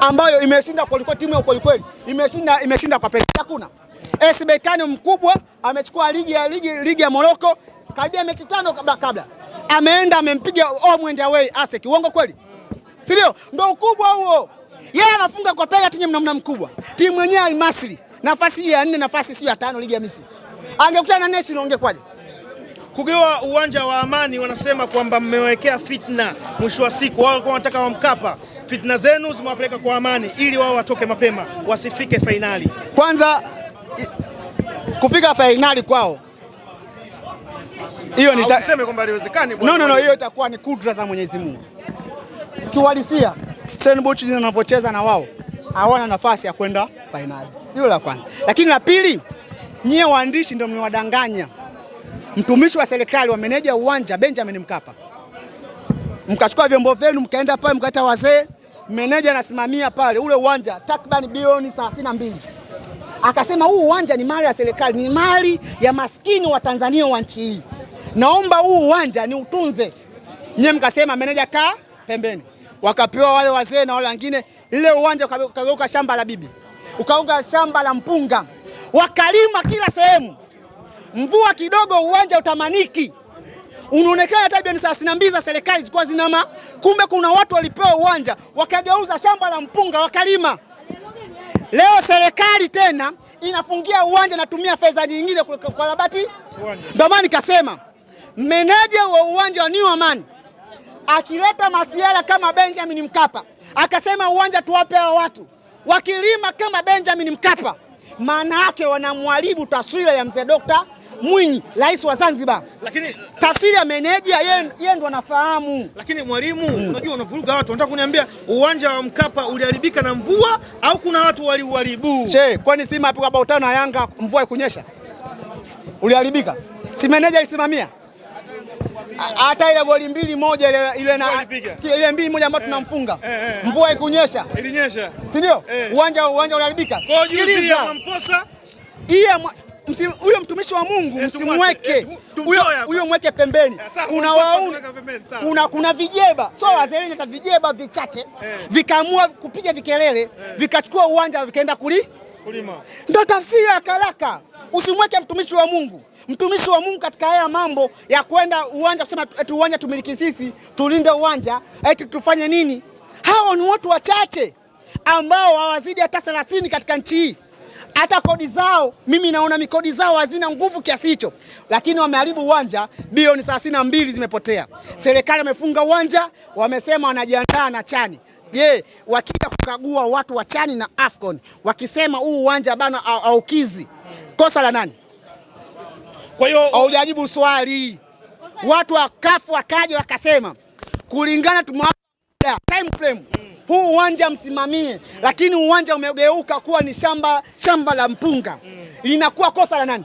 ambayo imeshinda kwa kweli timu ya kweli imeshinda imeshinda kwa pesa. hakuna. AS Berkane mkubwa amechukua ligi ya ligi ligi ya Moroko karibia mechi tano kabla kabla, ameenda amempiga home and away ASEC. Uongo kweli, si ndio? Ndio ukubwa huo. Yeye anafunga kwa penalti tinye mnamna mkubwa, timu yenyewe haimasiri nafasi ya nne, nafasi sio ya tano, ligi ya Misri. Angekutana na National ungekwaje? Kukiwa uwanja wa Amani wanasema kwamba mmewekea fitna, mwisho wa siku wao walikuwa wanataka wamkapa fitna zenu zimewapeleka kwa amani, ili wao watoke mapema wasifike fainali. Kwanza kufika fainali kwao hiyo nita... usiseme kwamba haiwezekani bwana. No, no, no, hiyo itakuwa ni kudra za Mwenyezi Mungu. Kiuhalisia Stellenbosch zinavyocheza na wao hawana nafasi ya kwenda fainali. Hilo la kwanza, lakini la pili, nyie waandishi ndio mmewadanganya. Mtumishi wa serikali wa meneja uwanja Benjamin Mkapa, mkachukua vyombo vyenu mkaenda pale mkaita wazee meneja anasimamia pale ule uwanja takriban bilioni 32, akasema huu uwanja ni mali ya serikali, ni mali ya maskini wa Tanzania wa nchi hii, naomba huu uwanja ni utunze. Nyie mkasema meneja, kaa pembeni. Wakapewa wale wazee na wale wengine, lile uwanja ukageuka shamba la bibi, ukauka shamba la mpunga, wakalima kila sehemu. Mvua kidogo, uwanja utamaniki unaonekana tabia saa mbili za serikali zilikuwa zinama, kumbe kuna watu walipewa uwanja wakageuza shamba la mpunga wakalima. Leo serikali tena inafungia uwanja, natumia fedha nyingine kukarabati uwanja. Ndio maana nikasema meneja wa uwanja wa New Amani akileta masiara kama Benjamin Mkapa akasema uwanja tuwape hawa watu wakilima kama Benjamin Mkapa, maana yake wanamharibu taswira ya mzee Dokta Mwinyi, rais wa Zanzibar, lakini tafsiri ya meneja yeye ndo anafahamu. Lakini mwalimu, mm. unajua unavuruga watu. Unataka kuniambia uwanja wa Mkapa uliharibika na mvua au kuna watu waliuharibu? Che, kwani Simba apigwa bao tano na Yanga mvua ikunyesha uliharibika? Si meneja alisimamia hata ile goli mbili moja ile na ile mbili moja ambayo eh, tunamfunga eh, eh, mvua ikunyesha, ilinyesha, si ndio? Uwanja uwanja uliharibika. Mposa Mamposa huyo mtumishi wa Mungu msimweke huyo, mweke pembeni. Kuna wauni, kuna kuna vijeba so wazalendo eh. hata vijeba vichache eh. vikaamua kupiga vikelele eh. vikachukua uwanja vikaenda kuli kulima, ndio tafsiri ya haraka. Usimweke mtumishi wa Mungu mtumishi wa Mungu katika haya mambo ya kwenda uwanja kusema eti uwanja tumiliki sisi, tulinde uwanja eti tufanye nini. Hao ni watu wachache ambao hawazidi hata 30 katika nchi hii hata kodi zao mimi naona mikodi zao hazina nguvu kiasi hicho, lakini wameharibu uwanja. Bilioni thelathini na mbili zimepotea. Serikali wamefunga uwanja, wamesema wanajiandaa na chani. Je, wakija kukagua watu wa chani na Afcon wakisema huu uwanja bana aukizi, kosa la nani? Kwa hiyo haujajibu swali. Watu wa kafu wakaja wakasema kulingana time frame huu uwanja msimamie, lakini uwanja umegeuka kuwa ni shamba shamba la mpunga, linakuwa kosa la nani?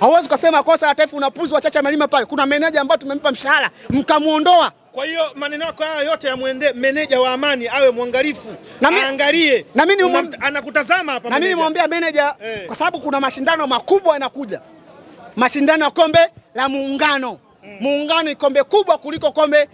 Hauwezi kusema kosa la taifa, unapuzi wachache malima pale. Kuna meneja ambayo tumempa mshahara mkamuondoa kwa hiyo maneno yako haya yote yamwende meneja wa Amani awe mwangalifu, aangalie na mimi anakutazama hapa. Na mimi nimwambia meneja hey, eh. kwa sababu kuna mashindano makubwa yanakuja, mashindano ya kombe la muungano. Eh. muungano ni kombe kubwa kuliko kombe,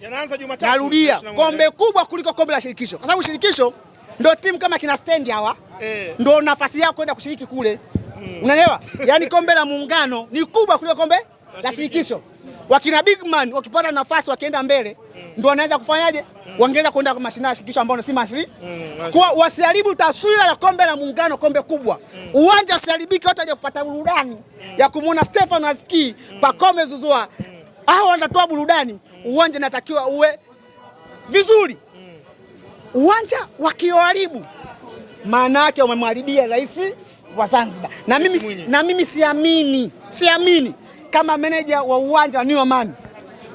narudia, kombe kubwa kuliko kombe la shirikisho, kwa sababu shirikisho ndio timu kama kina stendi hawa ndo eh. ndio nafasi yao kwenda kushiriki kule mm. Unaelewa? Yaani kombe la muungano ni kubwa kuliko kombe la shirikisho. Wakina big man wakipata nafasi wakienda mbele mm. ndio wanaweza kufanyaje? mm. wangeweza kwenda kwa mashindano ya shirikisho ambao si masri mm, kwa wasiharibu taswira ya kombe la muungano, kombe kubwa mm. uwanja usiharibike, watu waje kupata burudani mm. ya kumwona Stefan Aziki mm. Pacome Zouzoua hmm hao wanatoa burudani, uwanja natakiwa uwe vizuri. Uwanja wakioharibu, maana yake wamemharibia rais wa Zanzibar, na mimi, na mimi siamini, siamini kama meneja wa uwanja ni Amani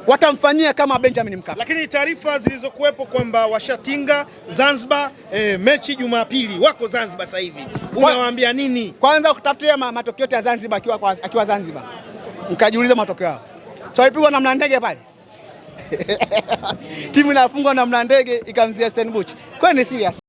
watamfanyia kama Benjamin Mkapa. Lakini taarifa zilizokuwepo kwamba washatinga Zanzibar e, mechi Jumapili wako Zanzibar sasa hivi, unawaambia nini? Kwanza ukitafutia matokeo yote ya Zanzibar akiwa, akiwa Zanzibar mkajiuliza matokeo yao so alipigwa na mlandege pale timu inafungwa na mlandege ikamzia Stellenbosch. Kwani ni serious?